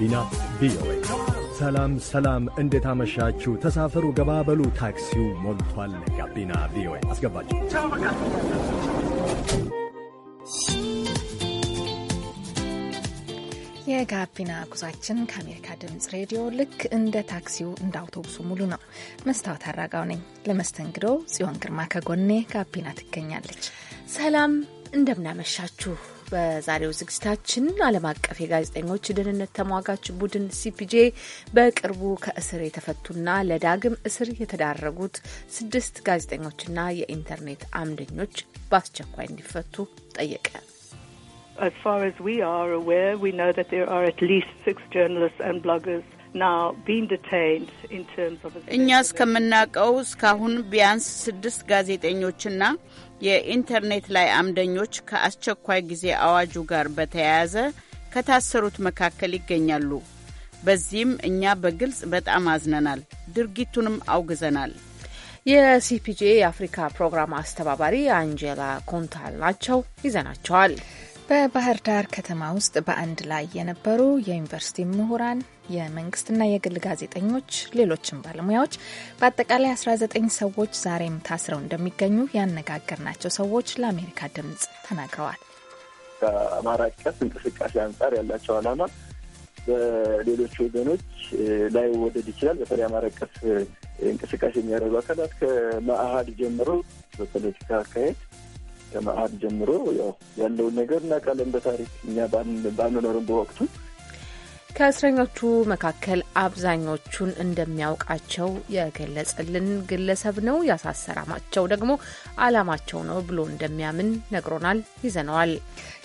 ጋቢና ቪኦኤ። ሰላም ሰላም፣ እንዴት አመሻችሁ? ተሳፈሩ፣ ገባበሉ፣ ታክሲው ሞልቷል። ጋቢና ቪኦኤ አስገባችሁ። የጋቢና ጉዟችን ከአሜሪካ ድምፅ ሬዲዮ ልክ እንደ ታክሲው እንደ አውቶቡሱ ሙሉ ነው። መስታወት አራጋው ነኝ። ለመስተንግዶ ጽዮን ግርማ ከጎኔ ጋቢና ትገኛለች። ሰላም፣ እንደምናመሻችሁ በዛሬው ዝግጅታችን ዓለም አቀፍ የጋዜጠኞች ደህንነት ተሟጋች ቡድን ሲፒጄ በቅርቡ ከእስር የተፈቱና ለዳግም እስር የተዳረጉት ስድስት ጋዜጠኞችና የኢንተርኔት አምደኞች በአስቸኳይ እንዲፈቱ ጠየቀ። As far as we are aware, we know that there are at least six journalists and bloggers እኛ እስከምናውቀው እስካሁን ቢያንስ ስድስት ጋዜጠኞችና የኢንተርኔት ላይ አምደኞች ከአስቸኳይ ጊዜ አዋጁ ጋር በተያያዘ ከታሰሩት መካከል ይገኛሉ። በዚህም እኛ በግልጽ በጣም አዝነናል፣ ድርጊቱንም አውግዘናል። የሲፒጄ የአፍሪካ ፕሮግራም አስተባባሪ አንጀላ ኮንታል ናቸው። ይዘናቸዋል። በባህር ዳር ከተማ ውስጥ በአንድ ላይ የነበሩ የዩኒቨርሲቲ ምሁራን፣ የመንግስትና የግል ጋዜጠኞች፣ ሌሎችም ባለሙያዎች በአጠቃላይ 19 ሰዎች ዛሬም ታስረው እንደሚገኙ ያነጋገርናቸው ሰዎች ለአሜሪካ ድምጽ ተናግረዋል። ከአማራ አቀፍ እንቅስቃሴ አንጻር ያላቸው አላማ በሌሎች ወገኖች ላይ ወደድ ይችላል። በተለይ አማራ ቀስ እንቅስቃሴ የሚያደርጉ አካላት ከመአሀድ ጀምሮ በፖለቲካ አካሄድ ከመአድ ጀምሮ ያው ያለውን ነገር እናውቃለን። በታሪክ እኛ ባንኖርም በወቅቱ ከእስረኞቹ መካከል አብዛኞቹን እንደሚያውቃቸው የገለጸልን ግለሰብ ነው። ያሳሰራማቸው ደግሞ አላማቸው ነው ብሎ እንደሚያምን ነግሮናል። ይዘነዋል።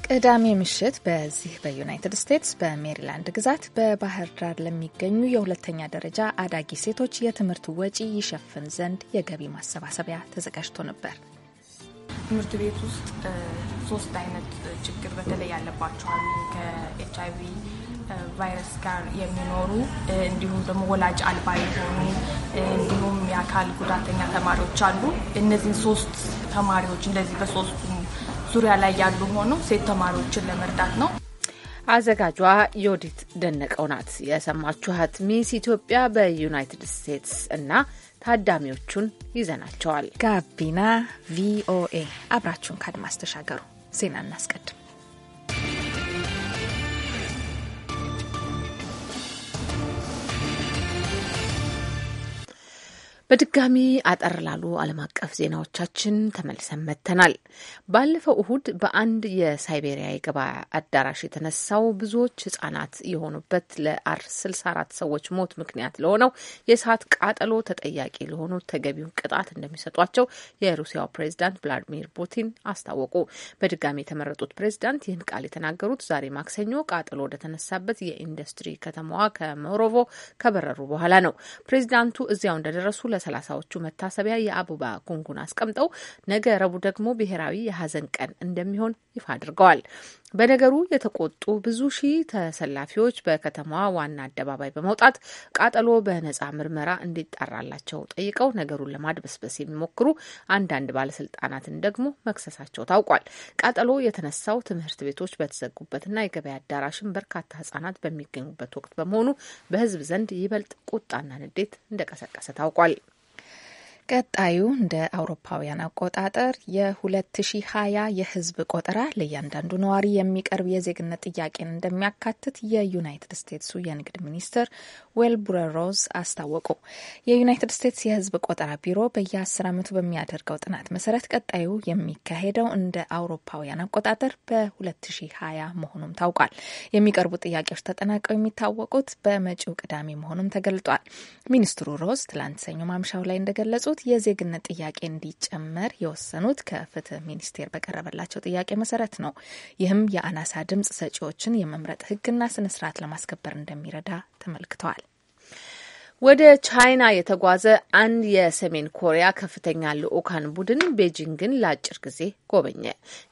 ቅዳሜ ምሽት በዚህ በዩናይትድ ስቴትስ በሜሪላንድ ግዛት በባህር ዳር ለሚገኙ የሁለተኛ ደረጃ አዳጊ ሴቶች የትምህርት ወጪ ይሸፍን ዘንድ የገቢ ማሰባሰቢያ ተዘጋጅቶ ነበር። ትምህርት ቤት ውስጥ ሶስት አይነት ችግር በተለይ ያለባቸዋል አሉ። ከኤች አይቪ ቫይረስ ጋር የሚኖሩ እንዲሁም ደግሞ ወላጅ አልባ የሆኑ እንዲሁም የአካል ጉዳተኛ ተማሪዎች አሉ። እነዚህን ሶስት ተማሪዎች እንደዚህ በሶስቱ ዙሪያ ላይ ያሉ ሆነው ሴት ተማሪዎችን ለመርዳት ነው። አዘጋጇ ዮዲት ደነቀው ናት። የሰማችኋት ሚስ ኢትዮጵያ በዩናይትድ ስቴትስ እና ታዳሚዎቹን ይዘናቸዋል። ጋቢና ቪኦኤ አብራችሁን ከአድማስ ተሻገሩ። ዜና እናስቀድም። በድጋሚ አጠር ላሉ ዓለም አቀፍ ዜናዎቻችን ተመልሰን መጥተናል። ባለፈው እሁድ በአንድ የሳይቤሪያ የገበያ አዳራሽ የተነሳው ብዙዎች ሕጻናት የሆኑበት ለ64 ሰዎች ሞት ምክንያት ለሆነው የእሳት ቃጠሎ ተጠያቂ ለሆኑ ተገቢውን ቅጣት እንደሚሰጧቸው የሩሲያው ፕሬዚዳንት ቭላዲሚር ፑቲን አስታወቁ። በድጋሚ የተመረጡት ፕሬዚዳንት ይህን ቃል የተናገሩት ዛሬ ማክሰኞ ቃጠሎ ወደተነሳበት የኢንዱስትሪ ከተማዋ ከሞሮቮ ከበረሩ በኋላ ነው። ፕሬዚዳንቱ እዚያው እንደደረሱ በሰላሳዎቹ መታሰቢያ የአቡባ ጉንጉን አስቀምጠው ነገ ረቡዕ ደግሞ ብሔራዊ የሀዘን ቀን እንደሚሆን ይፋ አድርገዋል። በነገሩ የተቆጡ ብዙ ሺህ ተሰላፊዎች በከተማዋ ዋና አደባባይ በመውጣት ቃጠሎ በነጻ ምርመራ እንዲጣራላቸው ጠይቀው ነገሩን ለማድበስበስ የሚሞክሩ አንዳንድ ባለስልጣናትን ደግሞ መክሰሳቸው ታውቋል። ቃጠሎ የተነሳው ትምህርት ቤቶች በተዘጉበትና የገበያ አዳራሽን በርካታ ህጻናት በሚገኙበት ወቅት በመሆኑ በህዝብ ዘንድ ይበልጥ ቁጣና ንዴት እንደቀሰቀሰ ታውቋል። ቀጣዩ እንደ አውሮፓውያን አቆጣጠር የ2020 የህዝብ ቆጠራ ለእያንዳንዱ ነዋሪ የሚቀርብ የዜግነት ጥያቄን እንደሚያካትት የዩናይትድ ስቴትሱ የንግድ ሚኒስትር ዌልቡረ ሮዝ አስታወቁ። የዩናይትድ ስቴትስ የህዝብ ቆጠራ ቢሮ በየ ዓመቱ በሚያደርገው ጥናት መሰረት ቀጣዩ የሚካሄደው እንደ አውሮፓውያን አቆጣጠር በ2020 መሆኑም ታውቋል። የሚቀርቡ ጥያቄዎች ተጠናቀው የሚታወቁት በመጪው ቅዳሜ መሆኑም ተገልጧል። ሚኒስትሩ ሮዝ ትላንት ሰኞ ማምሻው ላይ እንደገለጹ ያነሱት የዜግነት ጥያቄ እንዲጨመር የወሰኑት ከፍትህ ሚኒስቴር በቀረበላቸው ጥያቄ መሰረት ነው። ይህም የአናሳ ድምጽ ሰጪዎችን የመምረጥ ህግና ስነስርዓት ለማስከበር እንደሚረዳ ተመልክተዋል። ወደ ቻይና የተጓዘ አንድ የሰሜን ኮሪያ ከፍተኛ ልዑካን ቡድን ቤጂንግን ለአጭር ጊዜ ጎበኘ።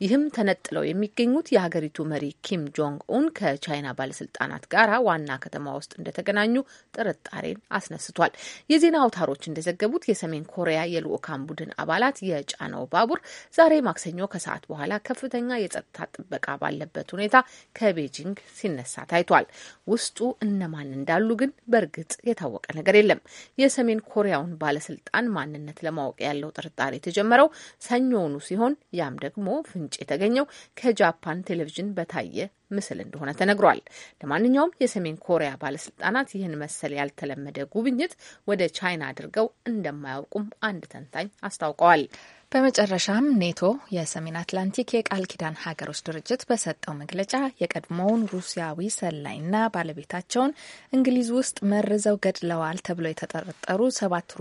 ይህም ተነጥለው የሚገኙት የሀገሪቱ መሪ ኪም ጆንግ ኡን ከቻይና ባለስልጣናት ጋር ዋና ከተማ ውስጥ እንደተገናኙ ጥርጣሬን አስነስቷል። የዜና አውታሮች እንደዘገቡት የሰሜን ኮሪያ የልዑካን ቡድን አባላት የጫነው ባቡር ዛሬ ማክሰኞ ከሰዓት በኋላ ከፍተኛ የጸጥታ ጥበቃ ባለበት ሁኔታ ከቤጂንግ ሲነሳ ታይቷል። ውስጡ እነማን እንዳሉ ግን በእርግጥ የታወቀ ነገር የለም። የሰሜን ኮሪያውን ባለስልጣን ማንነት ለማወቅ ያለው ጥርጣሬ የተጀመረው ሰኞውኑ ሲሆን ያም ደግሞ ፍንጭ የተገኘው ከጃፓን ቴሌቪዥን በታየ ምስል እንደሆነ ተነግሯል። ለማንኛውም የሰሜን ኮሪያ ባለስልጣናት ይህን መሰል ያልተለመደ ጉብኝት ወደ ቻይና አድርገው እንደማያውቁም አንድ ተንታኝ አስታውቀዋል። በመጨረሻም ኔቶ የሰሜን አትላንቲክ የቃል ኪዳን ሀገሮች ድርጅት በሰጠው መግለጫ የቀድሞውን ሩሲያዊ ሰላይና ባለቤታቸውን እንግሊዝ ውስጥ መርዘው ገድለዋል ተብለው የተጠረጠሩ ሰባት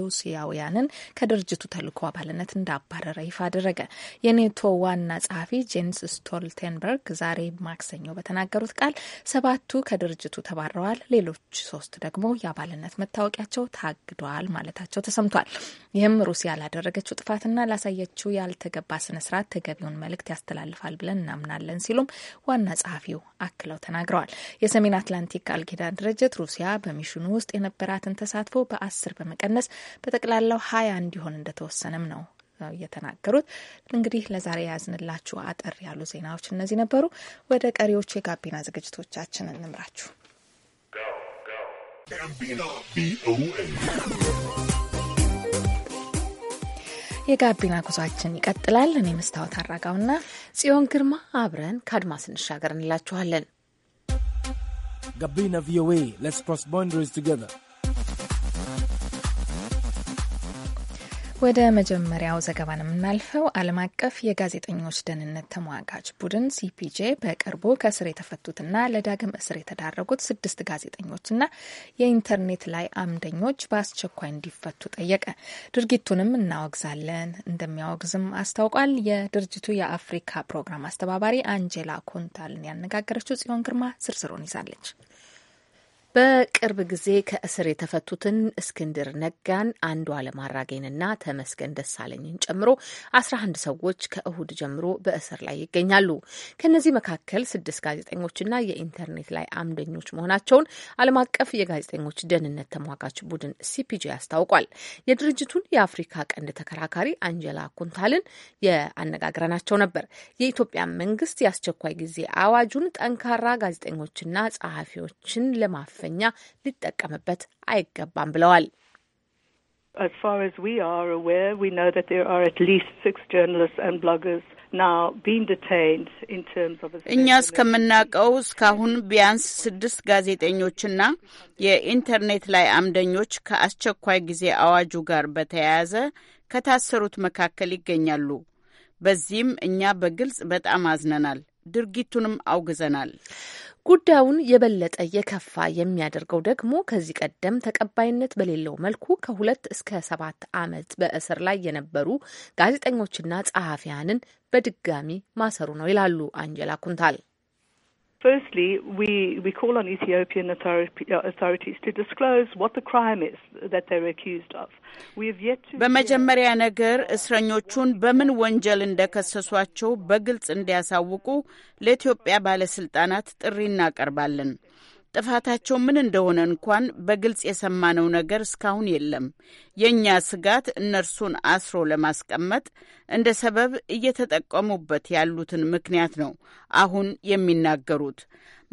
ሩሲያውያንን ከድርጅቱ ተልእኮ አባልነት እንዳባረረ ይፋ አደረገ። የኔቶ ዋና ጸሐፊ ጄንስ ስቶልቴንበርግ ዛሬ ማክሰኞ በተናገሩት ቃል ሰባቱ ከድርጅቱ ተባረዋል፣ ሌሎች ሶስት ደግሞ የአባልነት መታወቂያቸው ታግደዋል ማለታቸው ተሰምቷል። ይህም ሩሲያ ላደረገችው ጥፋት መግባባትና ላሳየችው ያልተገባ ስርዓት ተገቢውን መልእክት ያስተላልፋል ብለን እናምናለን ሲሉም ዋና ጸሐፊው አክለው ተናግረዋል። የሰሜን አትላንቲክ ቃል ኪዳን ድርጅት ሩሲያ በሚሽኑ ውስጥ የነበራትን ተሳትፎ በአስር በመቀነስ በጠቅላላው ሀያ እንዲሆን እንደተወሰነም ነው የተናገሩት። እንግዲህ ለዛሬ ያዝንላችሁ አጠር ያሉ ዜናዎች እነዚህ ነበሩ። ወደ ቀሪዎቹ የጋቢና ዝግጅቶቻችን እንምራችሁ። የጋቢና ጉዟችን ይቀጥላል። እኔ መስታወት አራጋውና ጽዮን ግርማ አብረን ከአድማስ እንሻገር እንላችኋለን። ጋቢና ቪኦኤ ሌትስ ክሮስ ቦንደሪስ ቱጌዘር ወደ መጀመሪያው ዘገባ ነው የምናልፈው። ዓለም አቀፍ የጋዜጠኞች ደህንነት ተሟጋች ቡድን ሲፒጄ በቅርቡ ከእስር የተፈቱትና ለዳግም እስር የተዳረጉት ስድስት ጋዜጠኞችና የኢንተርኔት ላይ አምደኞች በአስቸኳይ እንዲፈቱ ጠየቀ። ድርጊቱንም እናወግዛለን እንደሚያወግዝም አስታውቋል። የድርጅቱ የአፍሪካ ፕሮግራም አስተባባሪ አንጄላ ኮንታልን ያነጋገረችው ጽዮን ግርማ ዝርዝሩን ይዛለች። በቅርብ ጊዜ ከእስር የተፈቱትን እስክንድር ነጋን፣ አንዱዓለም አራጌንና ተመስገን ደሳለኝን ጨምሮ አስራ አንድ ሰዎች ከእሁድ ጀምሮ በእስር ላይ ይገኛሉ። ከእነዚህ መካከል ስድስት ጋዜጠኞችና የኢንተርኔት ላይ አምደኞች መሆናቸውን ዓለም አቀፍ የጋዜጠኞች ደህንነት ተሟጋች ቡድን ሲፒጄ አስታውቋል። የድርጅቱን የአፍሪካ ቀንድ ተከራካሪ አንጀላ ኩንታልን የአነጋግረናቸው ነበር። የኢትዮጵያ መንግስት የአስቸኳይ ጊዜ አዋጁን ጠንካራ ጋዜጠኞችና ጸሐፊዎችን ለማፈ ሙያተኛ ሊጠቀምበት አይገባም ብለዋል። As far as we are aware, we know that there are at least six journalists and bloggers እኛ እስከምናውቀው እስካሁን ቢያንስ ስድስት ጋዜጠኞችና የኢንተርኔት ላይ አምደኞች ከአስቸኳይ ጊዜ አዋጁ ጋር በተያያዘ ከታሰሩት መካከል ይገኛሉ። በዚህም እኛ በግልጽ በጣም አዝነናል። ድርጊቱንም አውግዘናል። ጉዳዩን የበለጠ የከፋ የሚያደርገው ደግሞ ከዚህ ቀደም ተቀባይነት በሌለው መልኩ ከሁለት እስከ ሰባት ዓመት በእስር ላይ የነበሩ ጋዜጠኞችና ጸሐፊያንን በድጋሚ ማሰሩ ነው ይላሉ አንጀላ ኩንታል። Firstly, we, we call on Ethiopian authorities to disclose what the crime is that they're accused of. We have yet to... በመጀመሪያ ነገር እስረኞቹን በምን ወንጀል እንደከሰሷቸው በግልጽ እንዲያሳውቁ ለኢትዮጵያ ባለስልጣናት ጥሪ እናቀርባለን። ጥፋታቸው ምን እንደሆነ እንኳን በግልጽ የሰማነው ነገር እስካሁን የለም። የእኛ ስጋት እነርሱን አስሮ ለማስቀመጥ እንደ ሰበብ እየተጠቀሙበት ያሉትን ምክንያት ነው አሁን የሚናገሩት።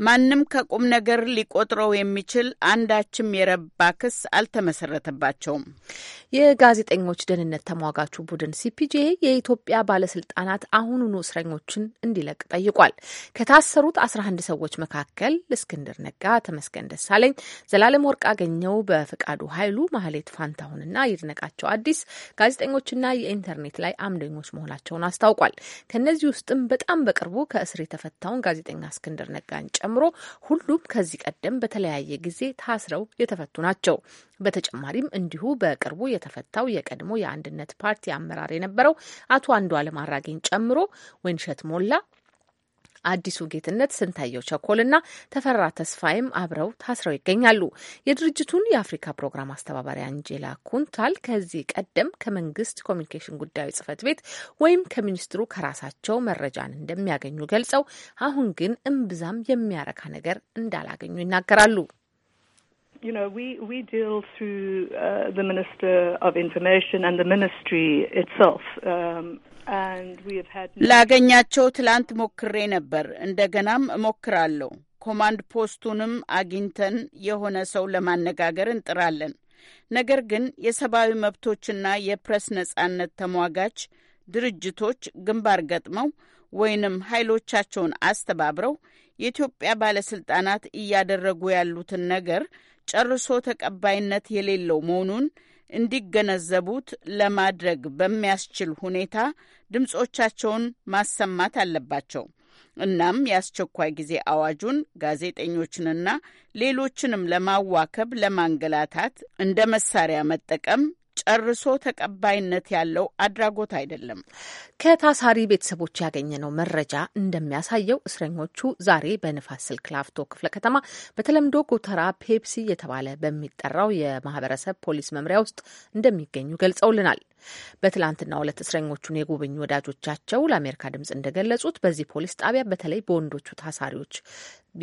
ማንም ከቁም ነገር ሊቆጥረው የሚችል አንዳችም የረባ ክስ አልተመሰረተባቸውም። የጋዜጠኞች ደህንነት ተሟጋቹ ቡድን ሲፒጄ የኢትዮጵያ ባለስልጣናት አሁኑኑ እስረኞችን እንዲለቅ ጠይቋል። ከታሰሩት 11 ሰዎች መካከል እስክንድር ነጋ፣ ተመስገን ደሳለኝ፣ ዘላለም ወርቅ አገኘው፣ በፍቃዱ ኃይሉ፣ ማህሌት ፋንታሁንና ይድነቃቸው አዲስ ጋዜጠኞችና የኢንተርኔት ላይ አምደኞች መሆናቸውን አስታውቋል። ከእነዚህ ውስጥም በጣም በቅርቡ ከእስር የተፈታውን ጋዜጠኛ እስክንድር ነጋን ጨምሮ ሁሉም ከዚህ ቀደም በተለያየ ጊዜ ታስረው የተፈቱ ናቸው። በተጨማሪም እንዲሁ በቅርቡ የተፈታው የቀድሞ የአንድነት ፓርቲ አመራር የነበረው አቶ አንዷ አራጌን ጨምሮ ወይንሸት ሞላ፣ አዲሱ ጌትነት፣ ስንታየው ቸኮልና ተፈራ ተስፋይም አብረው ታስረው ይገኛሉ። የድርጅቱን የአፍሪካ ፕሮግራም አስተባባሪ አንጄላ ኩንታል ከዚህ ቀደም ከመንግስት ኮሚኒኬሽን ጉዳዮች ጽህፈት ቤት ወይም ከሚኒስትሩ ከራሳቸው መረጃን እንደሚያገኙ ገልጸው አሁን ግን እምብዛም የሚያረካ ነገር እንዳላገኙ ይናገራሉ። you know, we, we deal through uh, the Minister of Information and the Ministry itself. Um, and we have had... ላገኛቸው ትላንት ሞክሬ ነበር። እንደገናም እሞክራለሁ። ኮማንድ ፖስቱንም አግኝተን የሆነ ሰው ለማነጋገር እንጥራለን። ነገር ግን የሰብአዊ መብቶችና የፕሬስ ነጻነት ተሟጋች ድርጅቶች ግንባር ገጥመው ወይንም ኃይሎቻቸውን አስተባብረው የኢትዮጵያ ባለስልጣናት እያደረጉ ያሉትን ነገር ጨርሶ ተቀባይነት የሌለው መሆኑን እንዲገነዘቡት ለማድረግ በሚያስችል ሁኔታ ድምጾቻቸውን ማሰማት አለባቸው። እናም የአስቸኳይ ጊዜ አዋጁን ጋዜጠኞችንና ሌሎችንም ለማዋከብ፣ ለማንገላታት እንደ መሳሪያ መጠቀም ጨርሶ ተቀባይነት ያለው አድራጎት አይደለም። ከታሳሪ ቤተሰቦች ያገኘነው መረጃ እንደሚያሳየው እስረኞቹ ዛሬ በንፋስ ስልክ ላፍቶ ክፍለ ከተማ በተለምዶ ጎተራ ፔፕሲ የተባለ በሚጠራው የማህበረሰብ ፖሊስ መምሪያ ውስጥ እንደሚገኙ ገልጸውልናል። በትላንትና ሁለት እስረኞቹን የጎበኙ ወዳጆቻቸው ለአሜሪካ ድምጽ እንደገለጹት በዚህ ፖሊስ ጣቢያ በተለይ በወንዶቹ ታሳሪዎች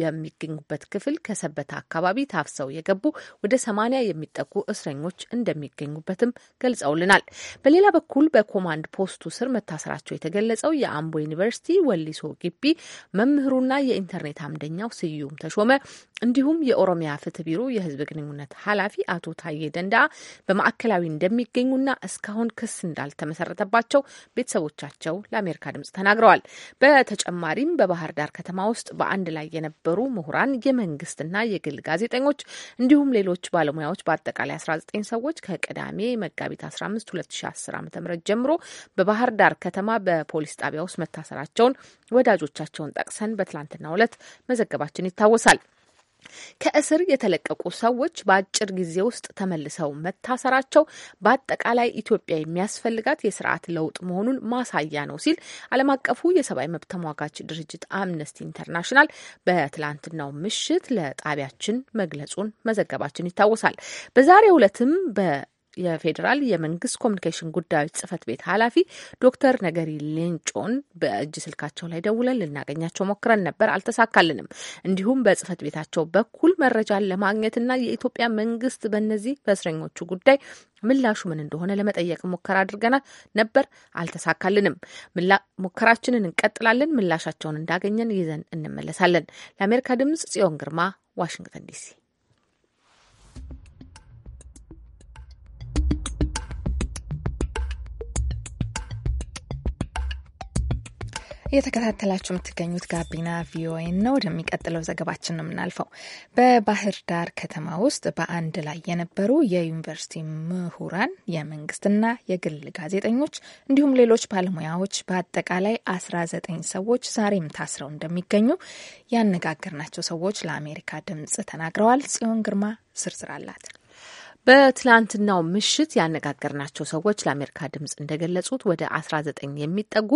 የሚገኙበት ክፍል ከሰበታ አካባቢ ታፍሰው የገቡ ወደ ሰማኒያ የሚጠጉ እስረኞች እንደሚገኙበትም ገልጸውልናል። በሌላ በኩል በኮማንድ ፖስቱ ስር መታሰራቸው የተገለጸው የአምቦ ዩኒቨርሲቲ ወሊሶ ግቢ መምህሩና የኢንተርኔት አምደኛው ስዩም ተሾመ እንዲሁም የኦሮሚያ ፍትህ ቢሮ የህዝብ ግንኙነት ኃላፊ አቶ ታዬ ደንዳ በማዕከላዊ እንደሚገኙና እስካሁን ክስ እንዳልተመሰረተባቸው ቤተሰቦቻቸው ለአሜሪካ ድምጽ ተናግረዋል። በተጨማሪም በባህር ዳር ከተማ ውስጥ በአንድ ላይ የነበ የነበሩ ምሁራን፣ የመንግስትና የግል ጋዜጠኞች እንዲሁም ሌሎች ባለሙያዎች በአጠቃላይ 19 ሰዎች ከቅዳሜ መጋቢት 15 2010 ዓ.ም ጀምሮ በባህር ዳር ከተማ በፖሊስ ጣቢያ ውስጥ መታሰራቸውን ወዳጆቻቸውን ጠቅሰን በትላንትናው ዕለት መዘገባችን ይታወሳል። ከእስር የተለቀቁ ሰዎች በአጭር ጊዜ ውስጥ ተመልሰው መታሰራቸው በአጠቃላይ ኢትዮጵያ የሚያስፈልጋት የስርዓት ለውጥ መሆኑን ማሳያ ነው ሲል ዓለም አቀፉ የሰብአዊ መብት ተሟጋች ድርጅት አምነስቲ ኢንተርናሽናል በትላንትናው ምሽት ለጣቢያችን መግለጹን መዘገባችን ይታወሳል። በዛሬው ዕለትም የፌዴራል የመንግስት ኮሚኒኬሽን ጉዳዮች ጽህፈት ቤት ኃላፊ ዶክተር ነገሪ ሌንጮን በእጅ ስልካቸው ላይ ደውለን ልናገኛቸው ሞክረን ነበር፣ አልተሳካልንም። እንዲሁም በጽህፈት ቤታቸው በኩል መረጃን ለማግኘትና የኢትዮጵያ መንግስት በእነዚህ በእስረኞቹ ጉዳይ ምላሹ ምን እንደሆነ ለመጠየቅ ሙከራ አድርገናል ነበር፣ አልተሳካልንም። ሙከራችንን እንቀጥላለን። ምላሻቸውን እንዳገኘን ይዘን እንመለሳለን። ለአሜሪካ ድምጽ ጽዮን ግርማ ዋሽንግተን ዲሲ እየተከታተላችሁ የምትገኙት ጋቢና ቪኦኤ ነው። ወደሚቀጥለው ዘገባችን ነው የምናልፈው። በባህር ዳር ከተማ ውስጥ በአንድ ላይ የነበሩ የዩኒቨርሲቲ ምሁራን፣ የመንግስትና የግል ጋዜጠኞች እንዲሁም ሌሎች ባለሙያዎች በአጠቃላይ አስራ ዘጠኝ ሰዎች ዛሬም ታስረው እንደሚገኙ ያነጋገርናቸው ሰዎች ለአሜሪካ ድምጽ ተናግረዋል። ጽዮን ግርማ ዝርዝር አላት። በትላንትናው ምሽት ያነጋገርናቸው ሰዎች ለአሜሪካ ድምጽ እንደገለጹት ወደ 19 የሚጠጉ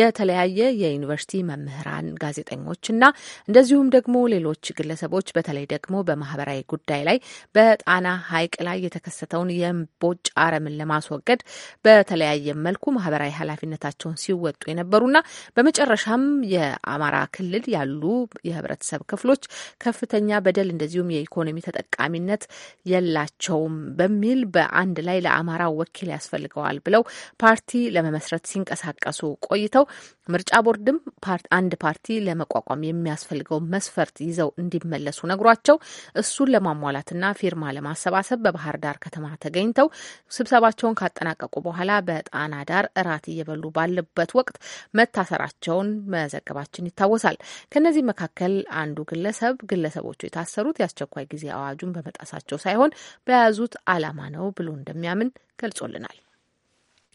የተለያየ የዩኒቨርሲቲ መምህራን፣ ጋዜጠኞች እና እንደዚሁም ደግሞ ሌሎች ግለሰቦች በተለይ ደግሞ በማህበራዊ ጉዳይ ላይ በጣና ሐይቅ ላይ የተከሰተውን የእምቦጭ አረምን ለማስወገድ በተለያየ መልኩ ማህበራዊ ኃላፊነታቸውን ሲወጡ የነበሩና በመጨረሻም የአማራ ክልል ያሉ የህብረተሰብ ክፍሎች ከፍተኛ በደል እንደዚሁም የኢኮኖሚ ተጠቃሚነት የላቸው። የለውም በሚል በአንድ ላይ ለአማራው ወኪል ያስፈልገዋል ብለው ፓርቲ ለመመስረት ሲንቀሳቀሱ ቆይተው ምርጫ ቦርድም አንድ ፓርቲ ለመቋቋም የሚያስፈልገው መስፈርት ይዘው እንዲመለሱ ነግሯቸው እሱን ለማሟላትና ፊርማ ለማሰባሰብ በባህር ዳር ከተማ ተገኝተው ስብሰባቸውን ካጠናቀቁ በኋላ በጣና ዳር እራት እየበሉ ባለበት ወቅት መታሰራቸውን መዘገባችን ይታወሳል። ከነዚህ መካከል አንዱ ግለሰብ ግለሰቦቹ የታሰሩት የአስቸኳይ ጊዜ አዋጁን በመጣሳቸው ሳይሆን በያዙ የያዙት ዓላማ ነው ብሎ እንደሚያምን ገልጾልናል።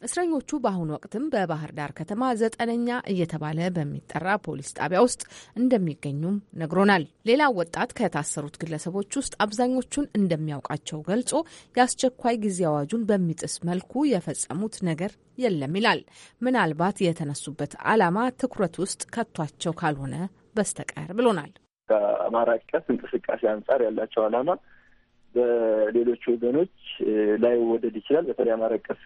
እስረኞቹ በአሁኑ ወቅትም በባህር ዳር ከተማ ዘጠነኛ እየተባለ በሚጠራ ፖሊስ ጣቢያ ውስጥ እንደሚገኙም ነግሮናል። ሌላው ወጣት ከታሰሩት ግለሰቦች ውስጥ አብዛኞቹን እንደሚያውቃቸው ገልጾ የአስቸኳይ ጊዜ አዋጁን በሚጥስ መልኩ የፈጸሙት ነገር የለም ይላል። ምናልባት የተነሱበት ዓላማ ትኩረት ውስጥ ከቷቸው ካልሆነ በስተቀር ብሎናል። ከአማራ ቀስ እንቅስቃሴ አንጻር ያላቸው ዓላማ በሌሎች ወገኖች ላይ ወደድ ይችላል። በተለይ አማራ ቀፍ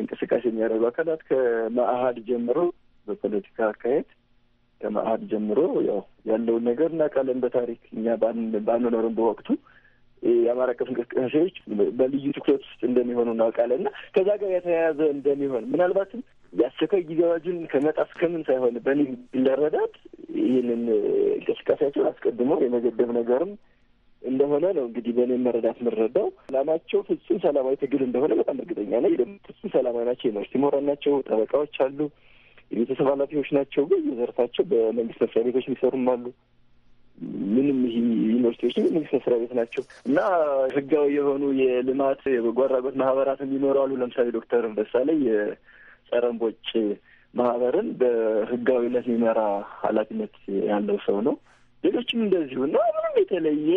እንቅስቃሴ የሚያደርጉ አካላት ከመአሀድ ጀምሮ በፖለቲካ አካሄድ ከመአሀድ ጀምሮ ያው ያለውን ነገር እናውቃለን። በታሪክ እኛ ባንኖርም በወቅቱ የአማራ ቀፍ እንቅስቃሴዎች በልዩ ትኩረት ውስጥ እንደሚሆኑ እናውቃለን እና ከዛ ጋር የተያያዘ እንደሚሆን ምናልባትም የአስቸኳይ ጊዜ አዋጁን ከመጣ እስከምን ሳይሆን በእኔ ለረዳት ይህንን እንቅስቃሴያቸውን አስቀድሞ የመገደብ ነገርም እንደሆነ ነው እንግዲህ በእኔ መረዳት የምንረዳው። ሰላማቸው ፍጹም ሰላማዊ ትግል እንደሆነ በጣም እርግጠኛ ነኝ። ደግሞ ፍጹም ሰላማዊ ናቸው። ዩኒቨርሲቲ ምሁራን ናቸው፣ ጠበቃዎች አሉ፣ የቤተሰብ ኃላፊዎች ናቸው። ግን በመንግስት መስሪያ ቤቶች ሊሰሩም አሉ። ምንም ይህ ዩኒቨርሲቲዎች መንግስት መስሪያ ቤት ናቸው እና ህጋዊ የሆኑ የልማት የበጎ አድራጎት ማህበራትም አሉ ለምሳሌ ዶክተር ደሳለኝ የጸረ እምቦጭ ማህበርን በህጋዊነት የሚመራ ኃላፊነት ያለው ሰው ነው። ሌሎችም እንደዚሁ እና ምንም የተለየ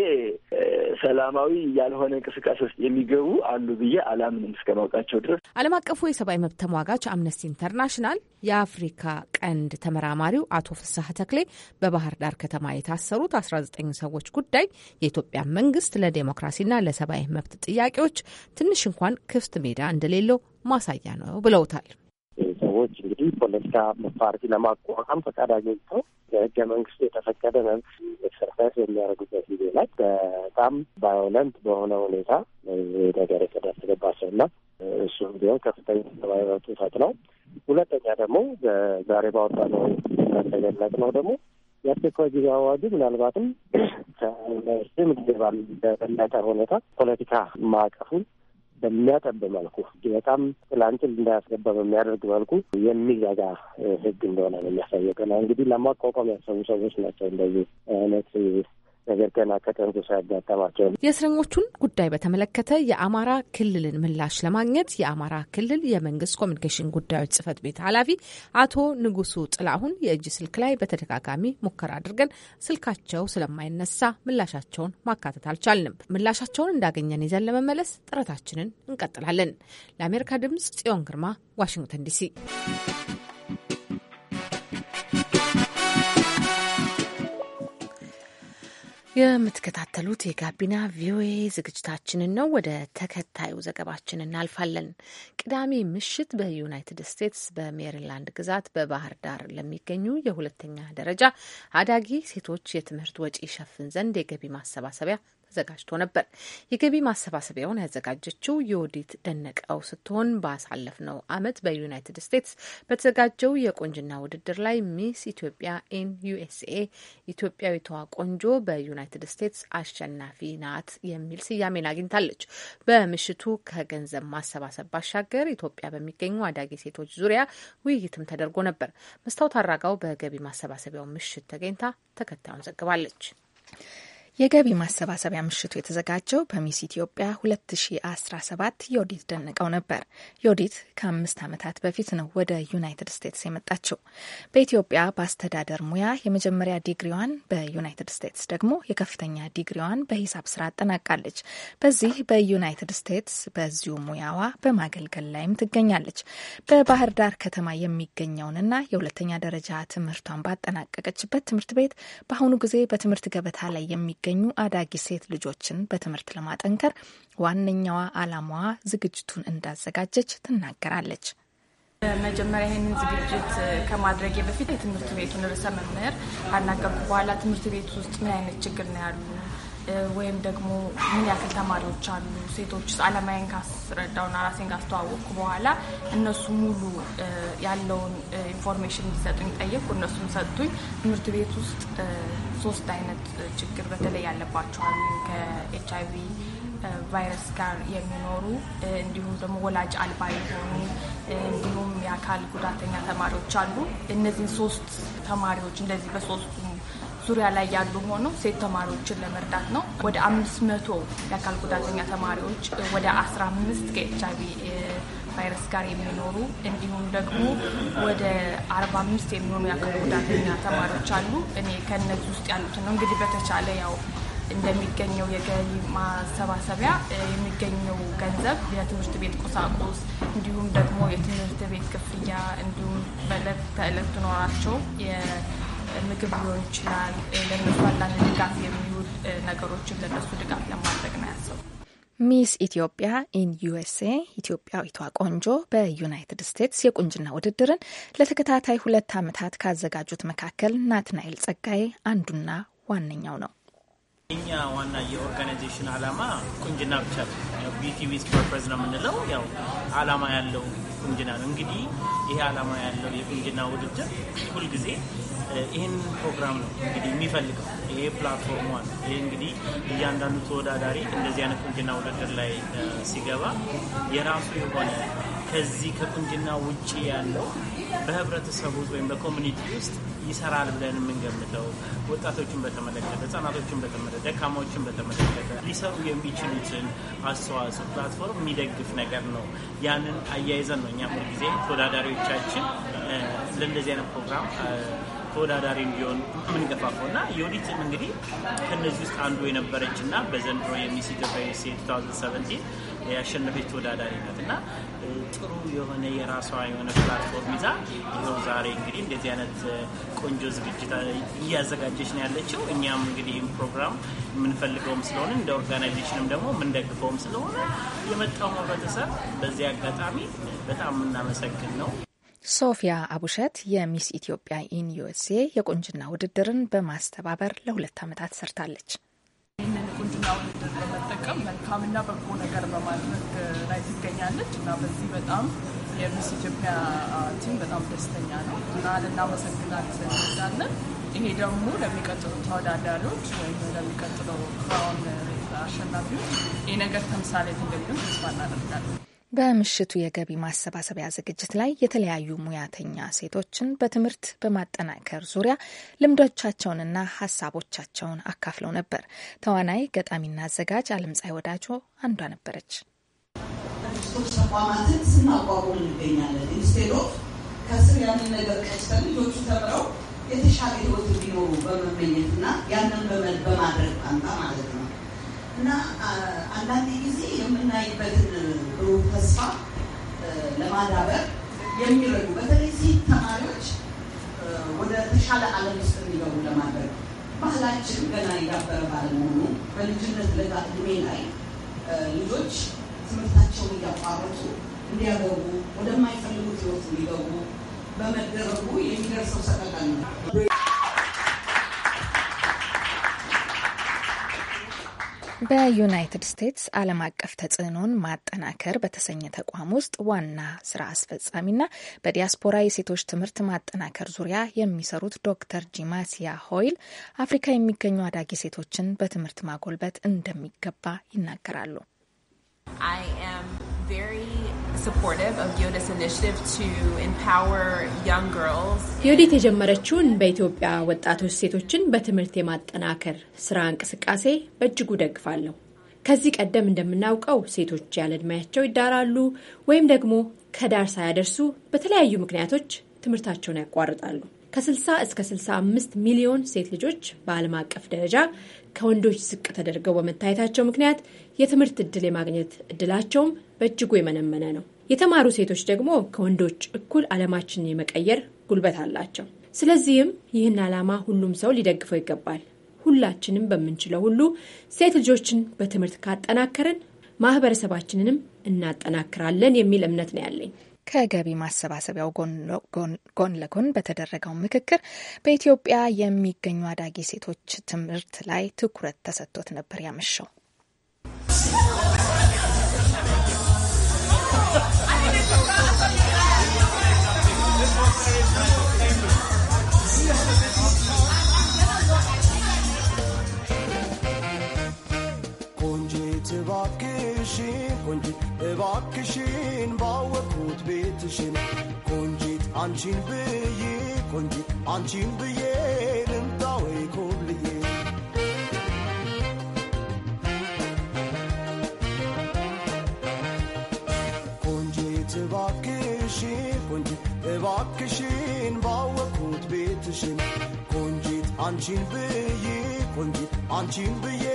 ሰላማዊ ያልሆነ እንቅስቃሴ ውስጥ የሚገቡ አሉ ብዬ አላምንም እስከ ማውቃቸው ድረስ። ዓለም አቀፉ የሰብአዊ መብት ተሟጋች አምነስቲ ኢንተርናሽናል የአፍሪካ ቀንድ ተመራማሪው አቶ ፍሳህ ተክሌ በባህር ዳር ከተማ የታሰሩት አስራ ዘጠኝ ሰዎች ጉዳይ የኢትዮጵያ መንግስት ለዴሞክራሲና ለሰብአዊ መብት ጥያቄዎች ትንሽ እንኳን ክፍት ሜዳ እንደሌለው ማሳያ ነው ብለውታል። ሰዎች እንግዲህ ፖለቲካ ፓርቲ ለማቋቋም ፈቃድ አግኝተው በህገ መንግስቱ የተፈቀደ መብት ኤክሰርሳይዝ የሚያደርጉበት ጊዜ ላይ በጣም ቫዮለንት በሆነ ሁኔታ ይህ ነገር የተደረገባቸው እና እሱም ቢሆን ከፍተኛ ሰብአዊ መብት ጥሰት ነው። ሁለተኛ ደግሞ ዛሬ ባወጣነው ነው ደግሞ የአስቸኳይ ጊዜ አዋጁ ምናልባትም ከምንም ጊዜ ባልበለጠ ሁኔታ ፖለቲካ ማዕቀፉን በሚያጠብ መልኩ በጣም ጥላንጭል እንዳያስገባ በሚያደርግ መልኩ የሚዘጋ ህግ እንደሆነ ነው የሚያሳየው። እንግዲህ ለማቋቋም ያሰቡ ሰዎች ናቸው እንደዚህ አይነት ነገር ገና ከጠንቱ ሳያጋጠማቸው የእስረኞቹን ጉዳይ በተመለከተ የአማራ ክልልን ምላሽ ለማግኘት የአማራ ክልል የመንግስት ኮሚኒኬሽን ጉዳዮች ጽህፈት ቤት ኃላፊ አቶ ንጉሱ ጥላሁን የእጅ ስልክ ላይ በተደጋጋሚ ሙከራ አድርገን ስልካቸው ስለማይነሳ ምላሻቸውን ማካተት አልቻልንም። ምላሻቸውን እንዳገኘን ይዘን ለመመለስ ጥረታችንን እንቀጥላለን። ለአሜሪካ ድምጽ ጽዮን ግርማ ዋሽንግተን ዲሲ የምትከታተሉት የጋቢና ቪኦኤ ዝግጅታችንን ነው። ወደ ተከታዩ ዘገባችን እናልፋለን። ቅዳሜ ምሽት በዩናይትድ ስቴትስ በሜሪላንድ ግዛት በባህር ዳር ለሚገኙ የሁለተኛ ደረጃ አዳጊ ሴቶች የትምህርት ወጪ ይሸፍን ዘንድ የገቢ ማሰባሰቢያ ተዘጋጅቶ ነበር። የገቢ ማሰባሰቢያውን ያዘጋጀችው የወዲት ደነቀው ስትሆን ባሳለፍነው ዓመት በዩናይትድ ስቴትስ በተዘጋጀው የቆንጅና ውድድር ላይ ሚስ ኢትዮጵያ ኢን ዩኤስኤ ኢትዮጵያዊቷ ቆንጆ በዩናይትድ ስቴትስ አሸናፊ ናት የሚል ስያሜን አግኝታለች። በምሽቱ ከገንዘብ ማሰባሰብ ባሻገር ኢትዮጵያ በሚገኙ አዳጊ ሴቶች ዙሪያ ውይይትም ተደርጎ ነበር። መስታወት አራጋው በገቢ ማሰባሰቢያው ምሽት ተገኝታ ተከታዩን ዘግባለች። የገቢ ማሰባሰቢያ ምሽቱ የተዘጋጀው በሚስ ኢትዮጵያ 2017 ዮዲት ደንቀው ነበር። ዮዲት ከአምስት ዓመታት በፊት ነው ወደ ዩናይትድ ስቴትስ የመጣችው። በኢትዮጵያ በአስተዳደር ሙያ የመጀመሪያ ዲግሪዋን፣ በዩናይትድ ስቴትስ ደግሞ የከፍተኛ ዲግሪዋን በሂሳብ ስራ አጠናቃለች። በዚህ በዩናይትድ ስቴትስ በዚሁ ሙያዋ በማገልገል ላይም ትገኛለች። በባህር ዳር ከተማ የሚገኘውንና የሁለተኛ ደረጃ ትምህርቷን ባጠናቀቀችበት ትምህርት ቤት በአሁኑ ጊዜ በትምህርት ገበታ ላይ የሚገ የሚገኙ አዳጊ ሴት ልጆችን በትምህርት ለማጠንከር ዋነኛዋ ዓላማዋ ዝግጅቱን እንዳዘጋጀች ትናገራለች። መጀመሪያ ይህንን ዝግጅት ከማድረጌ በፊት የትምህርት ቤቱን ርዕሰ መምህር ካናገርኩ በኋላ ትምህርት ቤት ውስጥ ምን አይነት ችግር ነው ያሉ ወይም ደግሞ ምን ያክል ተማሪዎች አሉ፣ ሴቶች አለማየን ካስረዳውና ራሴን ካስተዋወቅኩ በኋላ እነሱ ሙሉ ያለውን ኢንፎርሜሽን እንዲሰጡኝ ጠየቅኩ። እነሱም ሰጡኝ። ትምህርት ቤት ውስጥ ሶስት አይነት ችግር በተለይ ያለባቸዋል ከኤች አይ ቪ ቫይረስ ጋር የሚኖሩ እንዲሁም ደግሞ ወላጅ አልባ የሆኑ እንዲሁም የአካል ጉዳተኛ ተማሪዎች አሉ። እነዚህን ሶስት ተማሪዎች እንደዚህ በሶስቱ ዙሪያ ላይ ያሉ ሆኖ ሴት ተማሪዎችን ለመርዳት ነው። ወደ አምስት መቶ የአካል ጉዳተኛ ተማሪዎች ወደ አስራ አምስት ከኤች አይቪ ቫይረስ ጋር የሚኖሩ እንዲሁም ደግሞ ወደ አርባ አምስት የሚሆኑ የአካል ጉዳተኛ ተማሪዎች አሉ። እኔ ከእነዚህ ውስጥ ያሉትን ነው እንግዲህ በተቻለ ያው እንደሚገኘው የገቢ ማሰባሰቢያ የሚገኘው ገንዘብ የትምህርት ቤት ቁሳቁስ እንዲሁም ደግሞ የትምህርት ቤት ክፍያ እንዲሁም በዕለት ተዕለት ትኖራቸው ምግብ ሊሆን ይችላል። ለእነሱ አንዳንድ ድጋፍ የሚውል ነገሮችን ለእነሱ ድጋፍ ለማድረግ ነው ያሰቡ። ሚስ ኢትዮጵያ ኢን ዩኤስኤ ኢትዮጵያዊቷ ቆንጆ በዩናይትድ ስቴትስ የቁንጅና ውድድርን ለተከታታይ ሁለት ዓመታት ካዘጋጁት መካከል ናትናኤል ጸጋዬ አንዱና ዋነኛው ነው። እኛ ዋና የኦርጋናይዜሽን ዓላማ ቁንጅና ብቻ ቢዩቲ ዊዝ ፐርፐዝ ነው የምንለው ያው ዓላማ ያለው ቁንጅና ነው። እንግዲህ ይሄ ዓላማ ያለው የቁንጅና ውድድር ሁልጊዜ ይህን ፕሮግራም ነው እንግዲህ የሚፈልገው ይሄ ፕላትፎርም ነው። ይሄ እንግዲህ እያንዳንዱ ተወዳዳሪ እንደዚህ አይነት ቁንጅና ውድድር ላይ ሲገባ የራሱ የሆነ ከዚህ ከቁንጅና ውጭ ያለው በህብረተሰቡ ወይም በኮሚኒቲ ውስጥ ይሰራል ብለን የምንገምተው ወጣቶችን በተመለከተ፣ ህጻናቶችን በተመለከተ፣ ደካማዎችን በተመለከተ ሊሰሩ የሚችሉትን አስተዋጽኦ ፕላትፎርም የሚደግፍ ነገር ነው። ያንን አያይዘን ነው እኛ ሁልጊዜ ተወዳዳሪዎቻችን ለእንደዚህ አይነት ፕሮግራም ተወዳዳሪ እንዲሆን የምንገፋፈው እና የወዲትም እንግዲህ ከእነዚህ ውስጥ አንዱ የነበረች እና በዘንድሮ የሚስ ኢትዮጵያ ሴ 2017 ያሸነፈች ተወዳዳሪ ናት እና ጥሩ የሆነ የራሷ የሆነ ፕላትፎርም ይዛ ይኸው ዛሬ እንግዲህ እንደዚህ አይነት ቆንጆ ዝግጅት እያዘጋጀች ነው ያለችው። እኛም እንግዲህ ይህም ፕሮግራም የምንፈልገውም ስለሆነ እንደ ኦርጋናይዜሽንም ደግሞ የምንደግፈውም ስለሆነ የመጣው ህብረተሰብ በዚህ አጋጣሚ በጣም የምናመሰግን ነው። ሶፊያ አቡሸት የሚስ ኢትዮጵያ ኢን ዩኤስኤ የቁንጅና ውድድርን በማስተባበር ለሁለት ዓመታት ሰርታለች። ይህንን ቁንጅና ውድድር በመጠቀም መልካምና በጎ ነገር በማድረግ uh, ላይ ትገኛለች እና በዚህ በጣም የሚስ ኢትዮጵያ uh, ቲም በጣም ደስተኛ ነው እና ልናመሰግናት እንወዳለን። ይሄ ደግሞ ለሚቀጥሉ ተወዳዳሪዎች ወይም ለሚቀጥለው ክራውን uh, አሸናፊዎች ይህ ነገር ተምሳሌት እንደሚሆን ተስፋ እናደርጋለን። በምሽቱ የገቢ ማሰባሰቢያ ዝግጅት ላይ የተለያዩ ሙያተኛ ሴቶችን በትምህርት በማጠናከር ዙሪያ ልምዶቻቸውንና ሀሳቦቻቸውን አካፍለው ነበር። ተዋናይ፣ ገጣሚና አዘጋጅ አለምጻይ ወዳጆ አንዷ ነበረች። ተቋማትን ስናቋቁም እንገኛለን። ኢንስቴድ ኦፍ ከስር ያንን ነገር ከስተን ልጆቹ ተምረው የተሻለ ህይወት እንዲኖሩ በመመኘትና ያንን በማድረግ ቋንጣ ማለት ነው እና አንዳንድ ጊዜ የምናይበትን ብሩህ ተስፋ ለማዳበር የሚረዱ በተለይ ሴት ተማሪዎች ወደ ተሻለ ዓለም ውስጥ እንዲገቡ ለማድረግ ባህላችን ገና የዳበረ ባለመሆኑ በልጅነት ለጋ እድሜ ላይ ልጆች ትምህርታቸውን እያቋረጡ እንዲያገቡ ወደማይፈልጉት ህይወት እንዲገቡ በመደረጉ የሚደርሰው ሰቀቀን ነው። በዩናይትድ ስቴትስ ዓለም አቀፍ ተጽዕኖን ማጠናከር በተሰኘ ተቋም ውስጥ ዋና ስራ አስፈጻሚና በዲያስፖራ የሴቶች ትምህርት ማጠናከር ዙሪያ የሚሰሩት ዶክተር ጂማሲያ ሆይል አፍሪካ የሚገኙ አዳጊ ሴቶችን በትምህርት ማጎልበት እንደሚገባ ይናገራሉ። ዮዲት የጀመረችውን በኢትዮጵያ ወጣቶች ሴቶችን በትምህርት የማጠናከር ስራ እንቅስቃሴ በእጅጉ ደግፋለሁ። ከዚህ ቀደም እንደምናውቀው ሴቶች ያለ ዕድሜያቸው ይዳራሉ ወይም ደግሞ ከዳር ሳያደርሱ በተለያዩ ምክንያቶች ትምህርታቸውን ያቋርጣሉ። ከ60 እስከ 65 ሚሊዮን ሴት ልጆች በዓለም አቀፍ ደረጃ ከወንዶች ዝቅ ተደርገው በመታየታቸው ምክንያት የትምህርት እድል የማግኘት እድላቸውም በእጅጉ የመነመነ ነው። የተማሩ ሴቶች ደግሞ ከወንዶች እኩል ዓለማችንን የመቀየር ጉልበት አላቸው። ስለዚህም ይህን ዓላማ ሁሉም ሰው ሊደግፈው ይገባል። ሁላችንም በምንችለው ሁሉ ሴት ልጆችን በትምህርት ካጠናከርን ማህበረሰባችንንም እናጠናክራለን የሚል እምነት ነው ያለኝ። ከገቢ ማሰባሰቢያው ጎን ለጎን በተደረገው ምክክር በኢትዮጵያ የሚገኙ አዳጊ ሴቶች ትምህርት ላይ ትኩረት ተሰጥቶት ነበር ያመሸው። እባክሽን ባወቅኩት ቤትሽን ቆንጂት አንቺን ብዬ ቆንጂት አንቺን ብዬ ልምጣ ወይ ኮብልዬ እባክሽን ባወቅሁት ቤትሽን ቆንጂት አንቺን ብዬ ቆንጂት አንቺን ብዬ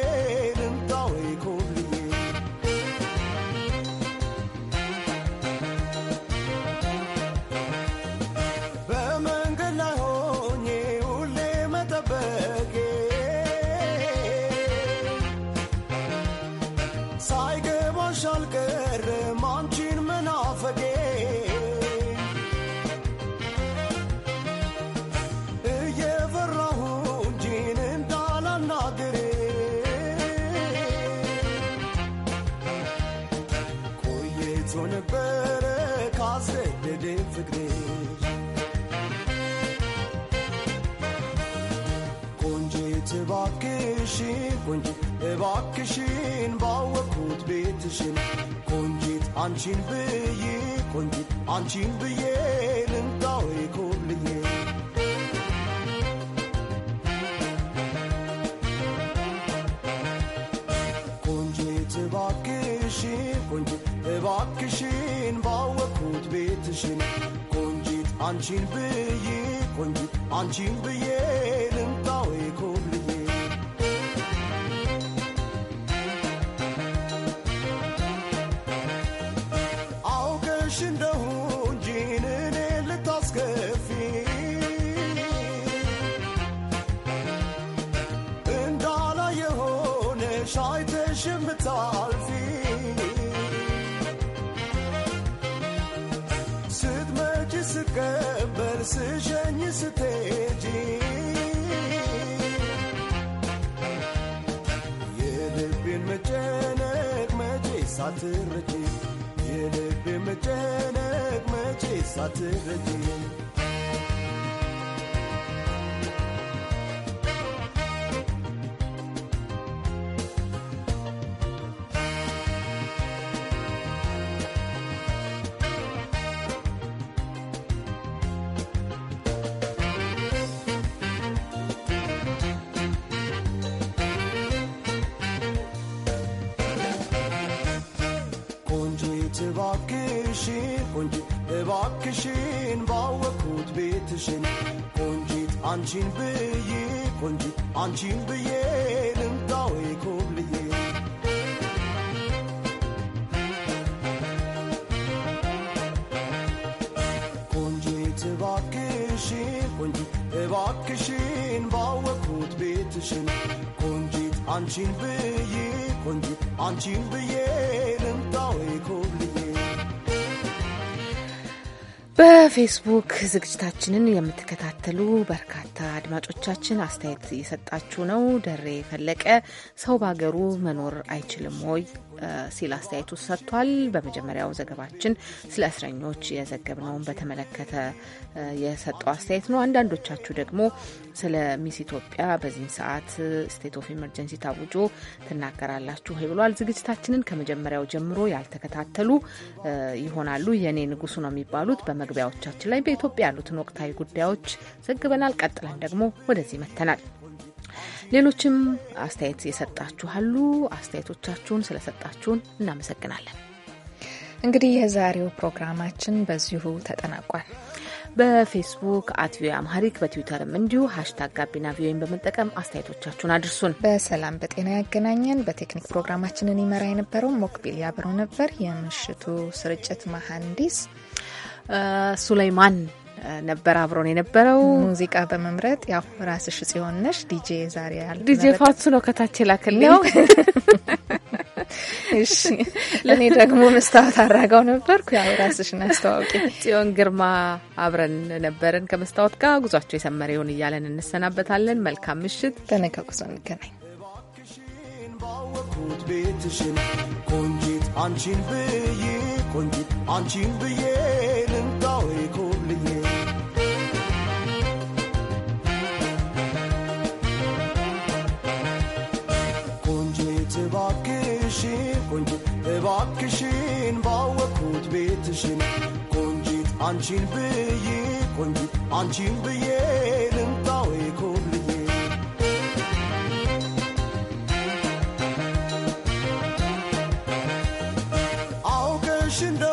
kardeşim Koncit ançin beyi Koncit ançin beyenin dahi kubliye Koncit bakışı Koncit bakışın Bağvakut bitişin Koncit ançin beyi Koncit ançin beyenin dahi ትተሽኝ ስትሄጂ የልቤን መጨነቅ መቼ ሳትረጂ የልቤን መጨነቅ መቼ ሳትረጂ ቤትሽን ቆንጂት እባክሽን ባወቅኩት ቤትሽን ቆንጂት አንቺን ብዬ ቆንጂት አንቺን ብዬ ልምጣዌ ኮብልዬ ቆንጂት እባክሽን ቆንጂት እባክሽን ባወቅኩት ቤትሽን ቆንጂት አንቺን ብዬ ቆንጂት አንቺን ብዬ በፌስቡክ ዝግጅታችንን የምትከታተሉ በርካታ አድማጮቻችን አስተያየት እየሰጣችሁ ነው። ደሬ የፈለቀ ሰው በሀገሩ መኖር አይችልም ወይ ሲል አስተያየቱ ሰጥቷል። በመጀመሪያው ዘገባችን ስለ እስረኞች የዘገብነውን በተመለከተ የሰጠው አስተያየት ነው። አንዳንዶቻችሁ ደግሞ ስለ ሚስ ኢትዮጵያ በዚህን ሰዓት ስቴት ኦፍ ኢመርጀንሲ ታውጆ ትናገራላችሁ ወይ ብሏል። ዝግጅታችንን ከመጀመሪያው ጀምሮ ያልተከታተሉ ይሆናሉ። የእኔ ንጉሱ ነው የሚባሉት በመግቢያዎቻችን ላይ በኢትዮጵያ ያሉትን ወቅታዊ ጉዳዮች ዘግበናል። ቀጥለን ደግሞ ወደዚህ መተናል። ሌሎችም አስተያየት የሰጣችኋሉ። አስተያየቶቻችሁን ስለሰጣችሁን እናመሰግናለን። እንግዲህ የዛሬው ፕሮግራማችን በዚሁ ተጠናቋል። በፌስቡክ አት ቪኦኤ አምሃሪክ በትዊተርም እንዲሁ ሀሽታግ ጋቢና ቪኦኤን በመጠቀም አስተያየቶቻችሁን አድርሱን። በሰላም በጤና ያገናኘን። በቴክኒክ ፕሮግራማችንን ይመራ የነበረው ሞክቢል ያብረው ነበር። የምሽቱ ስርጭት መሐንዲስ ሱለይማን ነበር አብሮን የነበረው ሙዚቃ በመምረጥ ያው ራስሽ ጽዮን ነሽ። ዲጄ ዛሬ ያለ ዲጄ ፋቱ ነው ከታች የላክልኝ። እሺ ለእኔ ደግሞ መስታወት አራጋው ነበርኩ። ያው ራስሽን አስተዋውቂ። ጽዮን ግርማ አብረን ነበርን ከመስታወት ጋር። ጉዟቸው የሰመረ ይሁን እያለን እንሰናበታለን። መልካም ምሽት። በነገ ጉዞ እንገናኝ። ቤትሽን ቆንጂት አንቺን ብዬ ቆንጂት አንቺን ብዬ yetişin Koncit ançil beyi Koncit ançil beyi Lımtavi kubliyi Au köşinde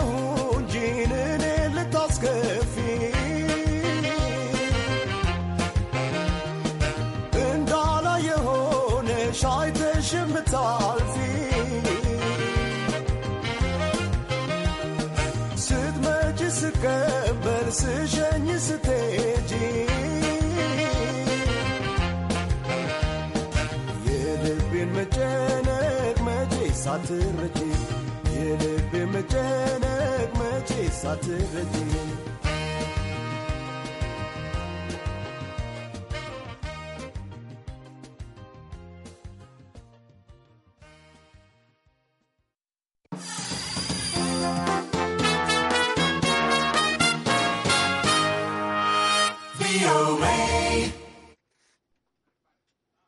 ሳትረጂ የልቤ መጨነቅ መቼ ሳትረጂ